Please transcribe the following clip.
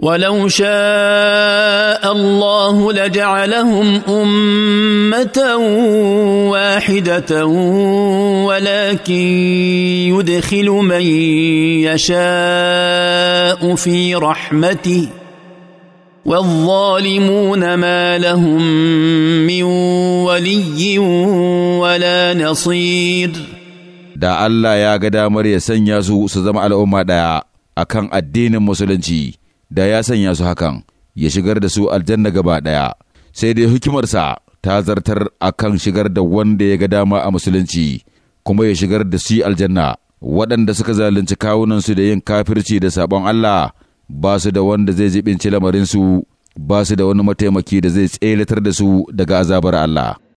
ولو شاء الله لجعلهم امه واحده ولكن يدخل من يشاء في رحمته والظالمون ما لهم من ولي ولا نصير da Allah ya ga damar ya sanya su su zama al'umma ɗaya akan addinin musulunci da ya sanya su hakan ya shigar da su aljanna gaba ɗaya sai dai hikimarsa ta zartar a kan shigar da wanda ya ga dama a musulunci kuma ya shigar da shi aljanna waɗanda suka zalunci kawunansu da yin kafirci da sabon Allah ba su da wanda zai jibinci lamarinsu ba su da wani mataimaki da zai tselatar da su daga azabar Allah.